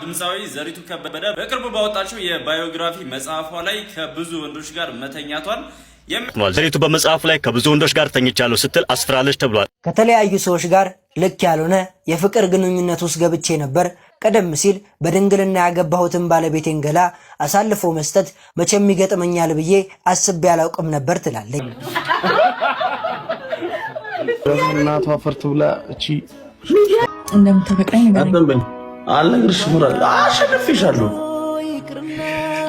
ድምፃዊ ዘሪቱ ከበደ በቅርቡ ባወጣችው የባዮግራፊ መጽሐፏ ላይ ከብዙ ወንዶች ጋር መተኛቷን ዘሪቱ በመጽሐፉ ላይ ከብዙ ወንዶች ጋር ተኝቻለሁ ስትል አስፍራለች ተብሏል። ከተለያዩ ሰዎች ጋር ልክ ያልሆነ የፍቅር ግንኙነት ውስጥ ገብቼ ነበር። ቀደም ሲል በድንግልና ያገባሁትን ባለቤቴን ገላ አሳልፎ መስጠት መቼም ይገጥመኛል ብዬ አስቤ ያላውቅም ነበር ትላለች። እናቷ ፈርት ብላ እቺ እንደምታፈቅረኝ አልነግርሽ ምራ አሸንፍሻለሁ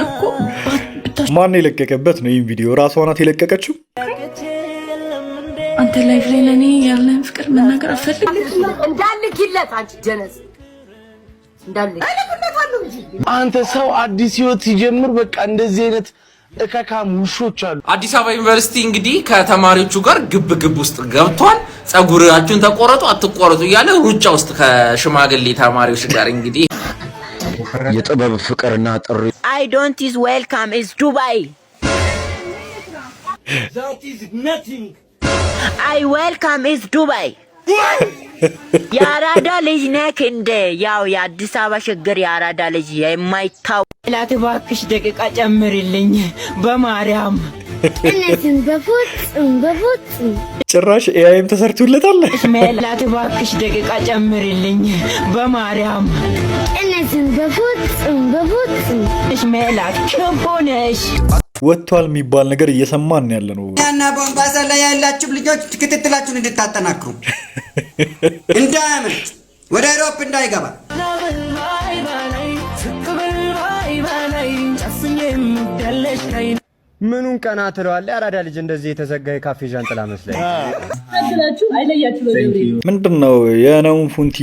እኮ ማን የለቀቀበት ነው? ይህም ቪዲዮ ራሷ ናት የለቀቀችው። አንተ ላይፍ ላይ ለእኔ ያለን ፍቅር መናገር አልፈልግም። እንዳልክለት አንቺ ጀነስ እንዳልክ አንተ ሰው አዲስ ህይወት ሲጀምር በቃ እንደዚህ አይነት እከካም ውሾች አሉ። አዲስ አበባ ዩኒቨርሲቲ እንግዲህ ከተማሪዎቹ ጋር ግብ ግብ ውስጥ ገብቷል። ጸጉራችሁን ተቆረጡ አትቆረጡ እያለ ሩጫ ውስጥ ከሽማግሌ ተማሪዎች ጋር እንግዲህ የጥበብ ፍቅርና ጥሪ አይ ዶንት ኢዝ ዌልካም ኢዝ ዱባይ አይ ዌልካም ኢዝ ዱባይ የአራዳ ልጅ ነክ እንደ ያው የአዲስ አበባ ችግር የአራዳ ልጅ የማይታወቅ ላት እባክሽ ደቂቃ ጨምርልኝ በማርያም እነትን በፍጹም በፍጹም ጭራሽ ኤአይም ተሰርቶለታል። ላት እባክሽ ደቂቃ ጨምርልኝ በማርያም እነትን በፍጹም በፍጹም እሽ ሜላት ወጥቷል የሚባል ነገር እየሰማን ያለ ነው። ያና ቦምባሳ ላይ ያላችሁ ልጆች ክትትላችሁን እንድታጠናክሩ እንዳያመልጥ ወደ አውሮፓ እንዳይገባ ምኑን ቀና ትለዋለህ? አራዳ ልጅ እንደዚህ የተዘጋ የካፌ ዣንጥላ መስለኝ ምንድን ነው የነውን ፉንቲ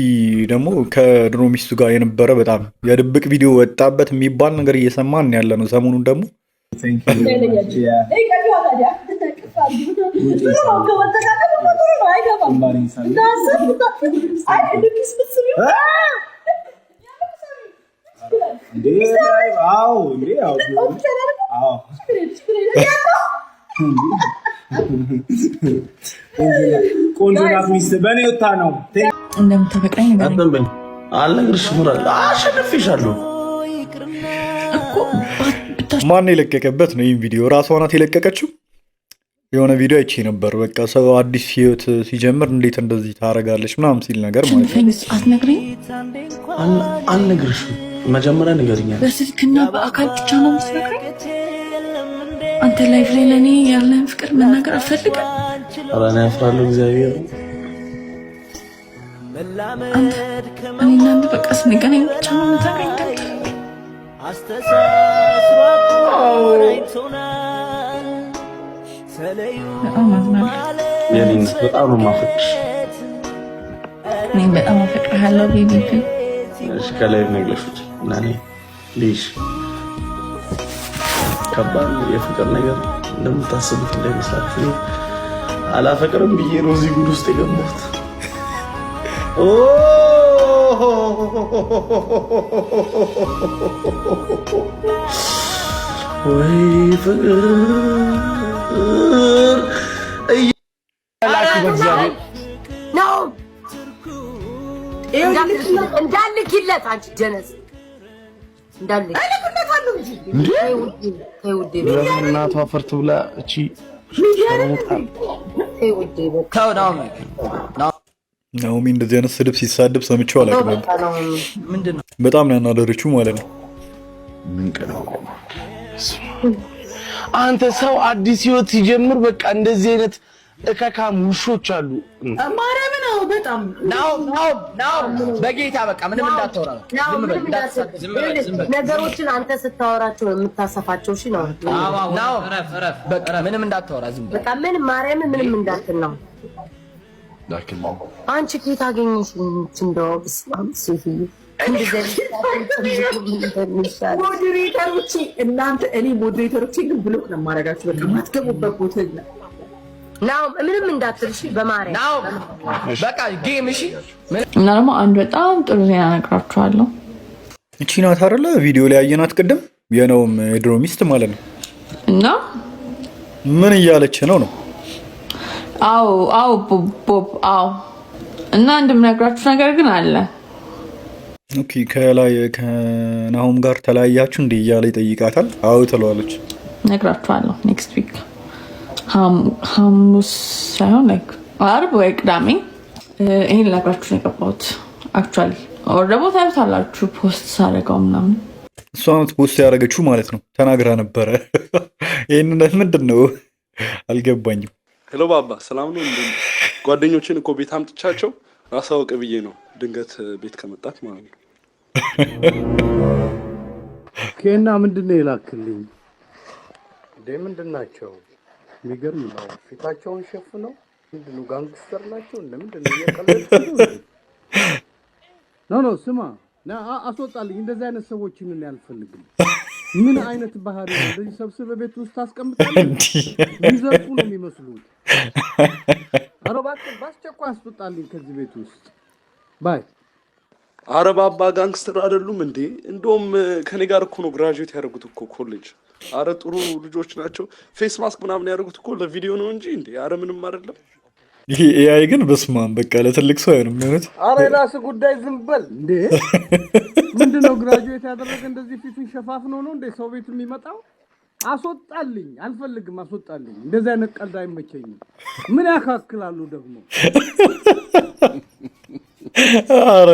ደግሞ ከድሮ ሚስቱ ጋር የነበረ በጣም የድብቅ ቪዲዮ ወጣበት የሚባል ነገር እየሰማን ያለ ነው። ሰሞኑን ደግሞ ቆንጆ ናት ሚስት በእኔ ወታ ነው እንደምታፈቅረኝ አትንበኝ አልነግርሽ ምራል አሸንፍሻለሁ ማን የለቀቀበት ነው ይህም ቪዲዮ ናት የለቀቀችው የሆነ ቪዲዮ አይቼ ነበር በቃ ሰው አዲስ ህይወት ሲጀምር እንዴት እንደዚህ ታደርጋለች ምናምን ሲል ነገር ማለት ነው አልነግርሽም መጀመሪያ ንገርኛል። በስልክና በአካል ብቻ ነው ምስረቀኝ። አንተ ላይፍ ላይ ለእኔ ያለን ፍቅር መናገር አልፈልግም። ኧረ እኔ አፍራለሁ። እግዚአብሔር አንተ እኔና አንተ በቃ ስንገናኝ ብቻ ነው የምታገኝ። በጣም አዝናለሁ። ነው የማፈቅርሽ። እኔም በጣም አፈቅርሃለሁ ቤቢ። እሺ ከላይ ነግለሽ ናኔ ልጅ ከባድ ነው። የፍቅር ነገር እንደምታስቡት እንዳይመስላችሁ። አላፈቅርም ብዬ ነው እዚህ ጉድ ውስጥ የገባሁት። ወይ ፍቅር እንዳልክ አንቺ ጀነስ እንዳለ እናቷ ፈርት ብላ እቺ እንደዚህ አይነት ስድብ ሰምቼው አላውቅም። በጣም ነው ያናደረችው ማለት ነው። አንተ ሰው አዲስ ህይወት ሲጀምር በቃ እንደዚህ አይነት ውሾች አሉ። አዎ በጣም ናው ናው ናው በጌታ በቃ ምንም እንዳታወራ፣ ነገሮችን አንተ ስታወራቸው የምታሰፋቸው እሺ ነው። ናው በቃ ምንም እንዳታወራ፣ ዝም በቃ ምንም ማርያም ምንም እንዳትል ነው። አንቺ ጌታ አገኘሽ እንደው ሞዴሬተሮቼ እናንተ እኔ ሞዴሬተሮቼ ግን ብሎክ ነው የማደርጋችሁ። በቃ የማትገቡበት ቦታ ናው ምንም እንዳትል እሺ። በማርያም ናው በቃ ጌም እሺ። እና ደግሞ አንድ በጣም ጥሩ ዜና እነግራችኋለሁ። እቺ ናት አይደለ ቪዲዮ ላይ ያየናት ቅድም፣ የነውም የድሮ ሚስት ማለት ነው። እና ምን እያለች ነው ነው? አዎ አዎ፣ ቦብ አዎ። እና እንደምነግራችሁ ነገር ግን አለ። ኦኬ ከላይ ጋር ተለያያችሁ እንዲህ እያለ ይጠይቃታል። አዎ ትለዋለች። እነግራችኋለሁ ኔክስት ዊክ ሐሙስ ሳይሆን አርብ ወይ ቅዳሜ ይሄን ነግራችሁ ነው የገባሁት። አክቹዋሊ ወር ደግሞ ታዩታላችሁ ፖስት ሳደርገው ምናምን እሷ ናት ፖስት ያደረገችው ማለት ነው። ተናግራ ነበረ። ይህን ምንድን ነው አልገባኝም። ሄሎ ባባ ሰላም ነው። ጓደኞችን እኮ ቤት አምጥቻቸው አሳውቅ ብዬ ነው ድንገት ቤት ከመጣት ማለት ነው። ኬና ምንድን ነው የላክልኝ? ምንድን ናቸው የሚገርም ነው። ፊታቸውን ሸፍነው ምንድነው ጋንግስተር ናቸው ለምንድን ነው ኖ ኖ ስማ አስወጣልኝ። እንደዚህ አይነት ሰዎች ምን ያልፈልግም። ምን አይነት ባህሪ እንደዚህ ሰብስበህ ቤት ውስጥ ታስቀምጣለህ? ሊዘርፉ ነው የሚመስሉት። ኧረ እባክህ በአስቸኳይ አስወጣልኝ ከዚህ ቤት ውስጥ ባይ አረብ አባ ጋንግስተር አይደሉም እንዴ? እንደውም ከኔ ጋር እኮ ነው ግራጁዌት ያደርጉት እኮ ኮሌጅ አረ ጥሩ ልጆች ናቸው። ፌስ ማስክ ምናምን ያደርጉት እኮ ለቪዲዮ ነው እንጂ እንዴ! አረ ምንም አይደለም። ይሄ ኤአይ ግን በስማም በቃ ለትልቅ ሰው አይሆንም። የሆነት አረ የራስ ጉዳይ ዝም በል እንዴ! ነው ግራጁዌት ያደረገ እንደዚህ ፊቱን ሸፋፍኖ ነው እንደ ሰው ቤት የሚመጣው? አስወጣልኝ፣ አልፈልግም፣ አስወጣልኝ። እንደዚህ አይነት ቀልድ አይመቸኝም። ምን ያካክላሉ ደግሞ አረ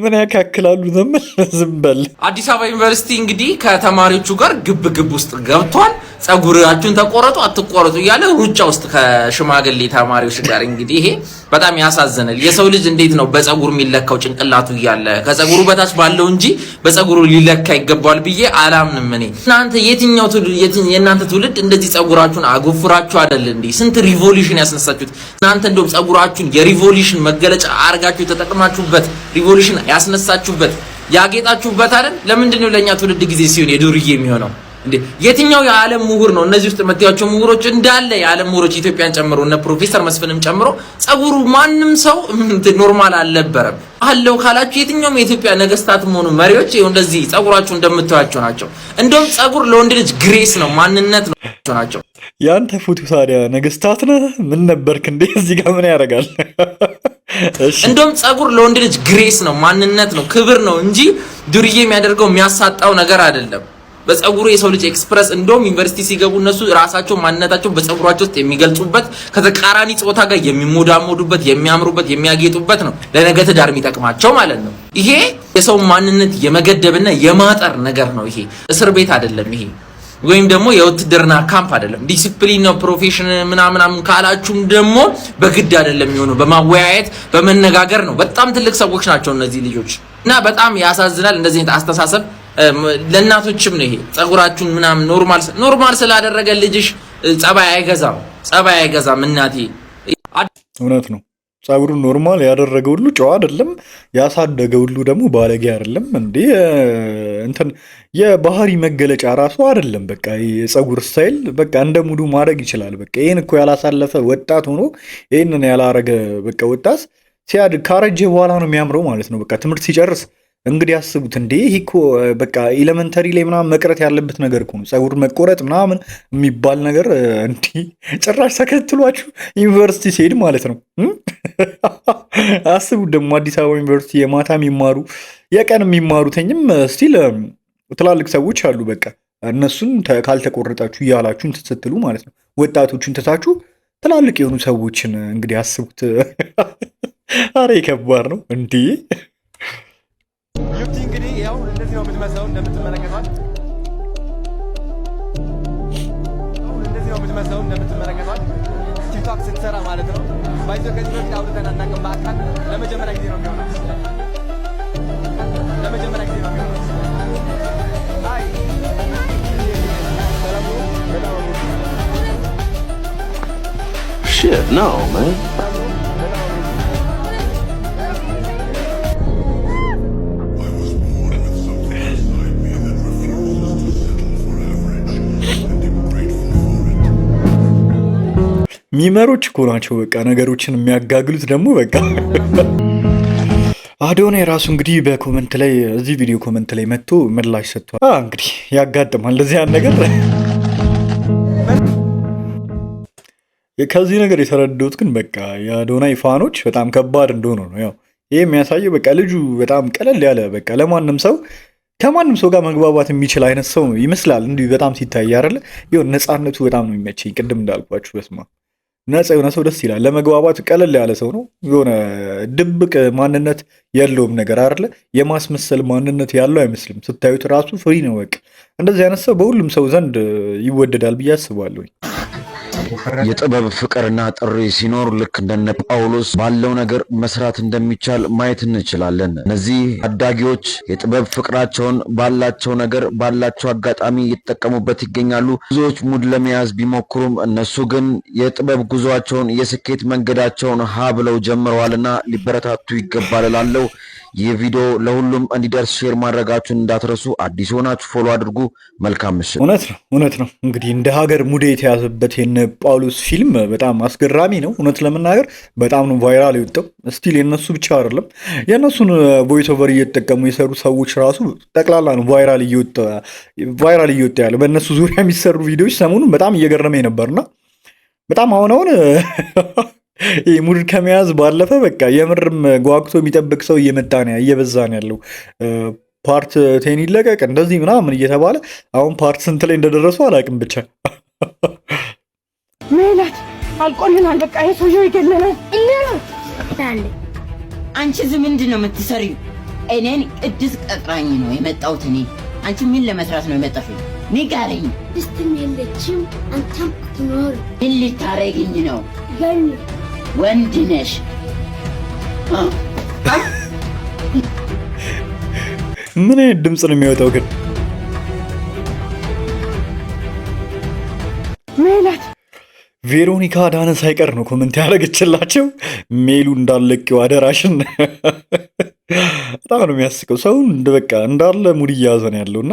ምን ያካክላሉ? ዘመን ዝምበል አዲስ አበባ ዩኒቨርሲቲ እንግዲህ ከተማሪዎቹ ጋር ግብ ግብ ውስጥ ገብቷል። ጸጉራችሁን ተቆረጡ አትቆረጡ እያለ ሩጫ ውስጥ ከሽማግሌ ተማሪዎች ጋር እንግዲህ ይሄ በጣም ያሳዘናል። የሰው ልጅ እንዴት ነው በፀጉር የሚለካው? ጭንቅላቱ እያለ ከፀጉሩ በታች ባለው እንጂ በፀጉሩ ሊለካ ይገባዋል ብዬ አላምንም እኔ። እናንተ የትኛው የእናንተ ትውልድ እንደዚህ ፀጉራችሁን አጎፍራችሁ አይደል እንዴ? ስንት ሪቮሉሽን ያስነሳችሁት እናንተ። እንደውም ፀጉራችሁን የሪቮሉሽን መገለጫ አርጋችሁ ተጠቅማችሁበት ሪቮሉሽን ያስነሳችሁበት ያጌጣችሁበት አይደል? ለምንድን ነው ለእኛ ትውልድ ጊዜ ሲሆን የዱርዬ የሚሆነው? እንዴ የትኛው የዓለም ምሁር ነው? እነዚህ ውስጥ የምታያቸው ምሁሮች እንዳለ የዓለም ምሁሮች ኢትዮጵያን ጨምሮ እነ ፕሮፌሰር መስፍንም ጨምሮ ጸጉሩ ማንም ሰው ኖርማል አልነበረም አለው ካላችሁ የትኛውም የኢትዮጵያ ነገስታት መሆኑ መሪዎች ይሁን እንደዚህ ጸጉራቸው እንደምታያቸው ናቸው። እንደውም ጸጉር ለወንድ ልጅ ግሬስ ነው፣ ማንነት ነው ናቸው። ያንተ ፉቱ ታዲያ ነገስታት ነህ? ምን ነበርክ እንዴ? እዚህ ጋር ምን ያደርጋል? እንደውም ጸጉር ለወንድ ልጅ ግሬስ ነው፣ ማንነት ነው፣ ክብር ነው እንጂ ዱርዬ የሚያደርገው የሚያሳጣው ነገር አይደለም። በፀጉሩ የሰው ልጅ ኤክስፕረስ እንደውም ዩኒቨርሲቲ ሲገቡ እነሱ ራሳቸው ማንነታቸው በፀጉራቸው ውስጥ የሚገልጹበት ከተቃራኒ ጾታ ጋር የሚሞዳሞዱበት የሚያምሩበት የሚያጌጡበት ነው። ለነገ ትዳር የሚጠቅማቸው ማለት ነው። ይሄ የሰው ማንነት የመገደብና የማጠር ነገር ነው። ይሄ እስር ቤት አይደለም። ይሄ ወይም ደግሞ የውትድርና ካምፕ አይደለም። ዲሲፕሊን ነው ፕሮፌሽን ምናምናም ካላችሁም ደግሞ በግድ አይደለም የሚሆነው በማወያየት በመነጋገር ነው። በጣም ትልቅ ሰዎች ናቸው እነዚህ ልጆች እና በጣም ያሳዝናል እንደዚህ አይነት አስተሳሰብ ለእናቶችም ነው ይሄ ጸጉራችሁን ምናምን ኖርማል ኖርማል ስላደረገ ልጅሽ ጸባይ አይገዛም፣ ጸባይ አይገዛም። እናቴ እውነት ነው። ጸጉሩን ኖርማል ያደረገ ሁሉ ጨዋ አይደለም፣ ያሳደገ ሁሉ ደግሞ ባለጌ አይደለም። እንዴ እንትን የባህሪ መገለጫ ራሱ አይደለም። በቃ የጸጉር ስታይል በቃ እንደ ሙዱ ማድረግ ይችላል። በቃ ይህን እኮ ያላሳለፈ ወጣት ሆኖ ይህንን ያላረገ በቃ ወጣት ሲያድግ ካረጀ በኋላ ነው የሚያምረው ማለት ነው። በቃ ትምህርት ሲጨርስ እንግዲህ አስቡት እንዴ ይህ እኮ በቃ ኤሌመንተሪ ላይ ምናምን መቅረት ያለበት ነገር እኮ ነው። ፀጉር መቆረጥ ምናምን የሚባል ነገር እንዲህ ጭራሽ ተከትሏችሁ ዩኒቨርሲቲ ሲሄድ ማለት ነው። አስቡት ደግሞ አዲስ አበባ ዩኒቨርሲቲ የማታ የሚማሩ የቀን የሚማሩትኝም ስቲል ትላልቅ ሰዎች አሉ። በቃ እነሱን ካልተቆረጣችሁ እያላችሁን ስትሉ ማለት ነው። ወጣቶቹን ትታችሁ ትላልቅ የሆኑ ሰዎችን እንግዲህ አስቡት። አሬ ከባድ ነው እንዲህ ዩቲ እንግዲህ ያው እንደዚህ ነው የምትመስለው እንደምትመለከቷት እንደዚህ ነው የምትመስለው እንደምትመለከቷት ቲክቶክ ስትሰራ ማለት ነው። ባይዞ ከዚህ በፊት አውርተን አናውቅም በአካል ለመጀመሪያ ጊዜ ነው የሚሆነው። ለመጀመሪያ ጊዜ ነው የሚሆነው። Shit, no, man. ሚመሮች እኮ ናቸው። በቃ ነገሮችን የሚያጋግሉት ደግሞ በቃ አዶናይ ራሱ እንግዲህ በኮመንት ላይ እዚህ ቪዲዮ ኮመንት ላይ መጥቶ ምላሽ ሰጥቷል። እንግዲህ ያጋጥማል እንደዚህ ያን ነገር ከዚህ ነገር የተረዳሁት ግን በቃ የአዶናይ ፋኖች በጣም ከባድ እንደሆኑ ነው። ያው ይህ የሚያሳየው በቃ ልጁ በጣም ቀለል ያለ በቃ ለማንም ሰው ከማንም ሰው ጋር መግባባት የሚችል አይነት ሰው ይመስላል። እንዲህ በጣም ሲታይ አይደለ ይሁን ነፃነቱ በጣም ነው የሚመቸኝ። ቅድም እንዳልኳችሁ በስማ ነፃ የሆነ ሰው ደስ ይላል። ለመግባባት ቀለል ያለ ሰው ነው። የሆነ ድብቅ ማንነት የለውም ነገር አይደለ። የማስመሰል ማንነት ያለው አይመስልም። ስታዩት ራሱ ፍሪ ነው። በቃ እንደዚህ አይነት ሰው በሁሉም ሰው ዘንድ ይወደዳል ብዬ አስባለሁ። የጥበብ ፍቅርና ጥሪ ሲኖር ልክ እንደነ ጳውሎስ ባለው ነገር መስራት እንደሚቻል ማየት እንችላለን። እነዚህ ታዳጊዎች የጥበብ ፍቅራቸውን ባላቸው ነገር ባላቸው አጋጣሚ እየተጠቀሙበት ይገኛሉ። ብዙዎች ሙድ ለመያዝ ቢሞክሩም እነሱ ግን የጥበብ ጉዟቸውን የስኬት መንገዳቸውን ሀ ብለው ጀምረዋልና ሊበረታቱ ይገባል እላለሁ። ይህ ቪዲዮ ለሁሉም እንዲደርስ ሼር ማድረጋችሁን እንዳትረሱ። አዲስ ሆናችሁ ፎሎ አድርጉ። መልካም ምሽት። እውነት ነው እውነት ነው። እንግዲህ እንደ ሀገር ሙድ የተያዘበት የነ ጳውሎስ ፊልም በጣም አስገራሚ ነው። እውነት ለመናገር በጣም ነው ቫይራል የወጣው። ስቲል የነሱ ብቻ አይደለም የእነሱን ቮይስ ኦቨር እየተጠቀሙ የሰሩ ሰዎች ራሱ ጠቅላላ ነው ቫይራል እየወጣ ያለ። በእነሱ ዙሪያ የሚሰሩ ቪዲዮዎች ሰሞኑን በጣም እየገረመኝ ነበርና በጣም አሁን አሁን ሙድ ከመያዝ ባለፈ በቃ የምርም ጓግቶ የሚጠብቅ ሰው እየመጣ ነው እየበዛ ነው ያለው። ፓርት ቴን ይለቀቅ እንደዚህ ምናምን እየተባለ አሁን ፓርት ስንት ላይ እንደደረሱ አላውቅም ብቻ ሜላት አልቆልናል። በቃ ይሄ ሰውዬው ይገለናል። አንቺ እዚህ ምንድን ነው የምትሰሪው? እኔን ቅድስት ቀጥራኝ ነው የመጣሁት። እኔ አንቺ ምን ለመስራት ነው የመጣሽው? ንገሪኝ። ሚስትም የለችም አንተም ትኖር። ምን ልታረግኝ ነው? ወንድ ነሽ። ምን አይነት ድምፅ ነው የሚወጣው ግን ሜላት ቬሮኒካ አዳነ ሳይቀር ነው ኮመንት ያደረገችላቸው። ሜሉ እንዳለቂው አደራሽን። በጣም ነው የሚያስቀው። ሰውን በቃ እንዳለ ሙድ እያያዘ ነው ያለውና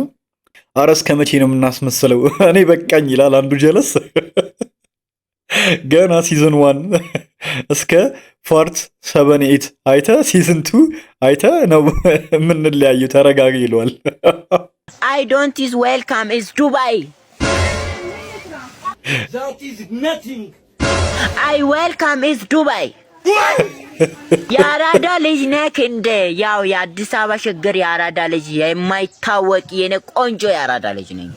አረ እስከ መቼ ነው የምናስመስለው? እኔ በቃኝ ይላል አንዱ ጀለስ። ገና ሲዝን ዋን እስከ ፓርት ሰቨን ኤት አይተ ሲዝን ቱ አይተ ነው የምንለያየው። ተረጋጋ ይለዋል። አይ ዶንት ኢዝ ዌልካም ኢዝ ዱባይ አይ ዌልካም ኢዝ ዱባይ። የአራዳ ልጅ ነክ እንደ ያው የአዲስ አበባ ሸገር የአራዳ ልጅ የማይታወቅ የኔ ቆንጆ የአራዳ ልጅ ነኝ።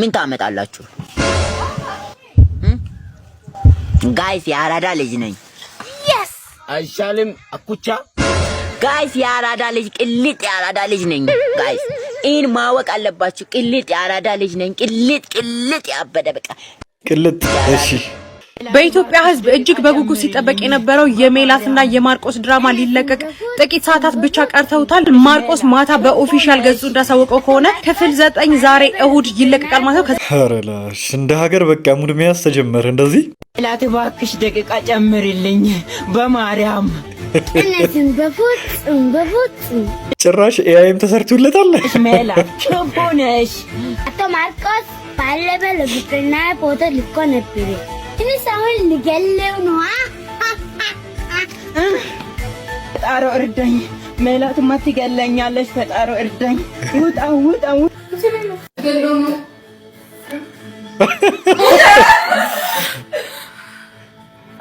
ምን ታመጣላችሁ ጋይስ? የአራዳ ልጅ ነኝ። አይሻልም አኩቻ ጋይስ? የአራዳ ልጅ ቅልጥ የአራዳ ልጅ ነኝ ጋይስ ይህን ማወቅ አለባችሁ። ቅልጥ የአራዳ ልጅ ነኝ። ቅልጥ ቅልጥ ያበደ በቃ ቅልጥ። እሺ በኢትዮጵያ ሕዝብ እጅግ በጉጉት ሲጠበቅ የነበረው የሜላትና የማርቆስ ድራማ ሊለቀቅ ጥቂት ሰዓታት ብቻ ቀርተውታል። ማርቆስ ማታ በኦፊሻል ገጹ እንዳሳወቀው ከሆነ ክፍል ዘጠኝ ዛሬ እሁድ ይለቀቃል ማለት ነው። ረላሽ እንደ ሀገር በቃ ሙድ መያዝ ተጀመረ። እንደዚህ ላት እባክሽ ደቂቃ ጨምርልኝ በማርያም ጭራሽ ኤአይም ተሰርቶለታል። ሜላቸቦነሽ አቶ ማርቆስ ባለበ ለፍቅርና ፎቶ ልኮ ነበር። እኔስ ሰውን ልገለው ነዋ። ፈጣሮ እርዳኝ፣ ሜላትማ ትገለኛለች። ፈጣሮ እርዳኝ፣ ውጣ ውጣ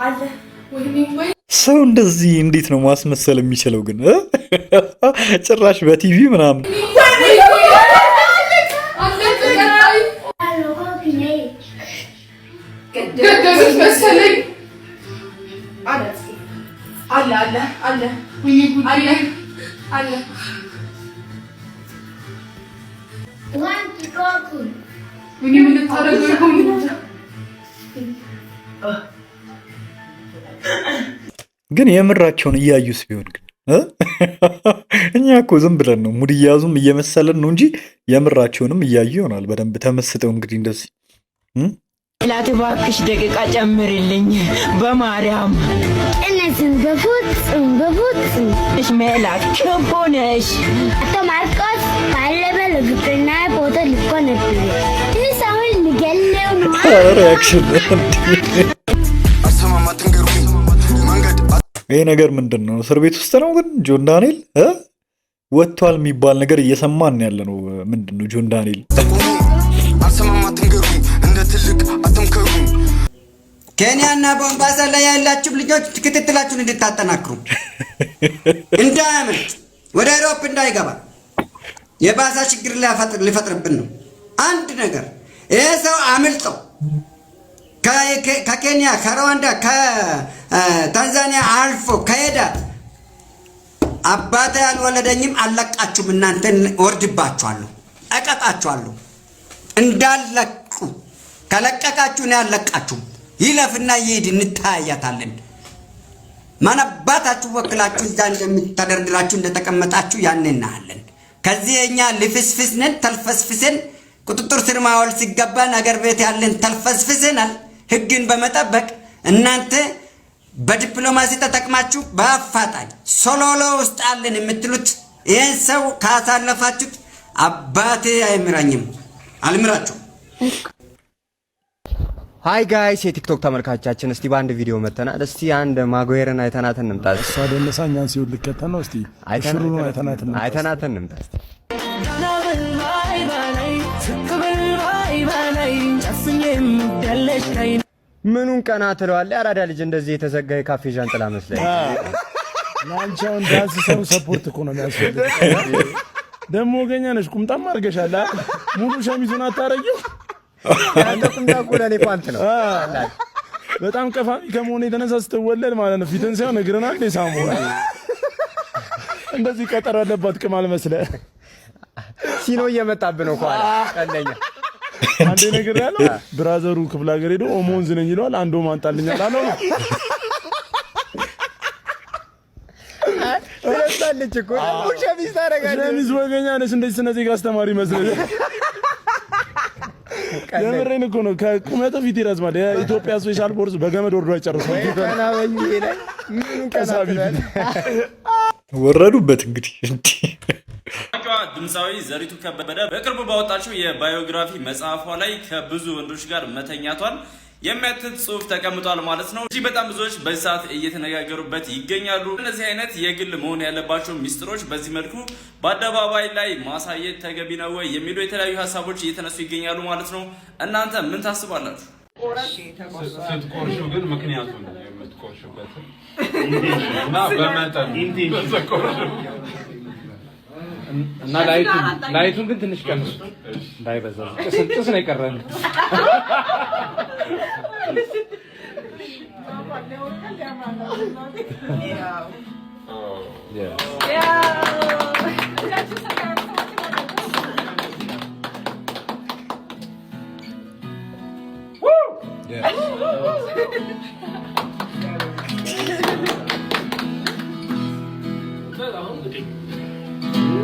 አለ ሰው እንደዚህ እንዴት ነው ማስመሰል የሚችለው? ግን ጭራሽ በቲቪ ምናምን ግን የምራቸውን እያዩስ ቢሆን ግን እኛ እኮ ዝም ብለን ነው ሙድ እያያዙም እየመሰለን ነው እንጂ የምራቸውንም እያዩ ይሆናል። በደንብ ተመስጠው እንግዲህ እንደዚህ ላት እባክሽ ደቂቃ ጨምርልኝ በማርያም እነዚህም በፍጹም በፍጹም እሽ ሜላት ችቦ ነሽ አቶ ማርቆስ ባለበለ ግብርና ቦታ ልኮ ነበር ይህ ሰውን ልገለው ነው ሪያክሽን ይሄ ነገር ምንድን ነው? እስር ቤት ውስጥ ነው ግን ጆን ዳንኤል ወጥቷል የሚባል ነገር እየሰማን ያለ ነው። ምንድን ነው ጆን ዳንኤል ኬንያና ቦምባሳ ላይ ያላችሁ ልጆች ክትትላችሁን እንድታጠናክሩ እንዳያመልጥ፣ ወደ አውሮፓ እንዳይገባ የባሳ ችግር ሊፈጥርብን ነው። አንድ ነገር ይህ ሰው አምልጠው ከኬንያ ከሩዋንዳ ከታንዛኒያ አልፎ ከሄደ አባቴ ያልወለደኝም አልለቃችሁም፣ እናንተ እወርድባችኋለሁ፣ እቀጣችኋለሁ። እንዳለቁ ከለቀቃችሁ ነው ያለቃችሁም። ይለፍና ይሂድ፣ እንተያያታለን። ማናባታችሁ ወክላችሁ እዛ እንደምታደርድራችሁ እንደተቀመጣችሁ ያን እናያለን። ከዚህ የኛ ልፍስፍስነን ተልፈስፍሰን ቁጥጥር ስር ማዋል ሲገባን አገር ቤት ያለን ተልፈስፍሰናል። ህግን በመጠበቅ እናንተ በዲፕሎማሲ ተጠቅማችሁ በአፋጣኝ ሶሎሎ ውስጥ አለን የምትሉት ይህን ሰው ካሳለፋችሁት አባቴ አይምራኝም፣ አልምራችሁ። ሀይ ጋይስ የቲክቶክ ተመልካቻችን፣ እስቲ በአንድ ቪዲዮ መተናል። እስቲ አንድ ማጉዌርን አይተናት እንምጣ። እሷ ደነሳኛን ሲሆን ልከተን ነው። እስቲ አይተናት እንምጣ። ምኑን ቀና ትለዋለህ? አራዳ ልጅ እንደዚህ የተዘጋ የካፌ ዣንጥላ መስለኝ። ላንቻውን ዳንስ ሰው ሰፖርት እኮ ነው የሚያስፈልግ። ደግሞ ወገኛ ነሽ፣ ቁምጣም አድርገሻል። ሙሉ ሸሚዙን አታረጊው። ያንተ ቁምጣ እኮ ለእኔ ፓንት ነው። በጣም ቀፋሚ ከመሆኑ የተነሳ ስትወለድ ማለት ነው ፊትን ሳይሆን እግርና እንዴ ሳሙ እንደዚህ ቀጠሮ ያለባት ቅማል መስለ ሲኖ እየመጣብህ ነው ኋላ ቀለኛ አንዴ ነገር ያለው ብራዘሩ ክፍለ ሀገር ሄዶ ኦሞ ወንዝ ነኝ ይለዋል። አንድ ኦሞ አንጣልኛል አለው ነው ረሳለች እኮ ሸሚዝ ታደርጋለች። ሸሚዝ ወገኛ ነች። እንደዚህ ስነ ዜጋ አስተማሪ መስለኝ የምሬን እኮ ነው። ከቁመቱ ፊት ይረዝማል። የኢትዮጵያ ስፔሻል ፎርስ በገመድ ወርዶ አይጨርሰው። ወረዱበት እንግዲህ ድምፃዊ ዘሪቱ ከበደ በቅርቡ ባወጣችው የባዮግራፊ መጽሐፏ ላይ ከብዙ ወንዶች ጋር መተኛቷን የሚያትት ጽሁፍ ተቀምጧል ማለት ነው። እዚህ በጣም ብዙዎች በዚህ ሰዓት እየተነጋገሩበት ይገኛሉ። እነዚህ አይነት የግል መሆን ያለባቸው ሚስጥሮች በዚህ መልኩ በአደባባይ ላይ ማሳየት ተገቢ ነው ወይ የሚሉ የተለያዩ ሀሳቦች እየተነሱ ይገኛሉ ማለት ነው። እናንተ ምን ታስባላችሁ? ስትቆርሹ ግን ምክንያቱ ነው እና በመጠን እና ላይቱን ግን ትንሽ ቀንሱ እንዳይበዛ። ጭስ ነው የቀረን።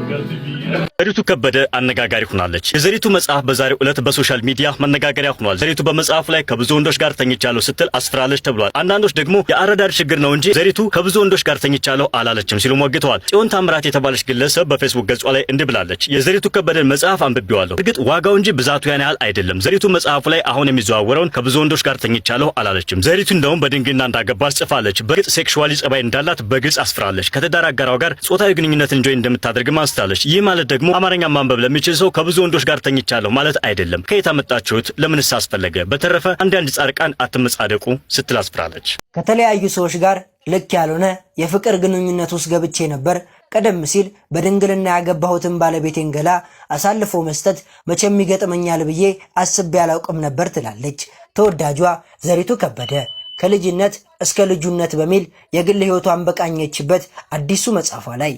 Got to be. ዘሪቱ ከበደ አነጋጋሪ ሆናለች። የዘሪቱ መጽሐፍ በዛሬው ዕለት በሶሻል ሚዲያ መነጋገሪያ ሆኗል። ዘሪቱ በመጽሐፉ ላይ ከብዙ ወንዶች ጋር ተኝቻለሁ ስትል አስፍራለች ተብሏል። አንዳንዶች ደግሞ የአረዳድ ችግር ነው እንጂ ዘሪቱ ከብዙ ወንዶች ጋር ተኝቻለሁ አላለችም ሲሉ ሞግተዋል። ጽዮን ታምራት የተባለች ግለሰብ በፌስቡክ ገጿ ላይ እንዲህ ብላለች። የዘሪቱ ከበደን መጽሐፍ አንብቤዋለሁ። እርግጥ ዋጋው እንጂ ብዛቱ ያን ያህል አይደለም። ዘሪቱ መጽሐፉ ላይ አሁን የሚዘዋወረውን ከብዙ ወንዶች ጋር ተኝቻለሁ አላለችም። ዘሪቱ እንደውም በድንግና እንዳገባች ጽፋለች። በግልጽ ሴክሹዋሊ ጸባይ እንዳላት በግልጽ አስፍራለች። ከተዳር አጋሯ ጋር ጾታዊ ግንኙነት እንጆይ እንደምታደርግም አንስታለች። ይህ ማለት ደግሞ ደግሞ አማርኛ ማንበብ ለሚችል ሰው ከብዙ ወንዶች ጋር ተኝቻለሁ ማለት አይደለም። ከየት አመጣችሁት? ለምንስ አስፈለገ? በተረፈ አንዳንድ ጻድቃን አትመጻደቁ ስትል አስፍራለች። ከተለያዩ ሰዎች ጋር ልክ ያልሆነ የፍቅር ግንኙነት ውስጥ ገብቼ ነበር። ቀደም ሲል በድንግልና ያገባሁትን ባለቤቴን ገላ አሳልፎ መስጠት መቼም ይገጥመኛል ብዬ አስቤ ያላውቅም ነበር ትላለች ተወዳጇ ዘሪቱ ከበደ። ከልጅነት እስከ ልጁነት በሚል የግል ሕይወቷን በቃኘችበት አዲሱ መጽሐፏ ላይ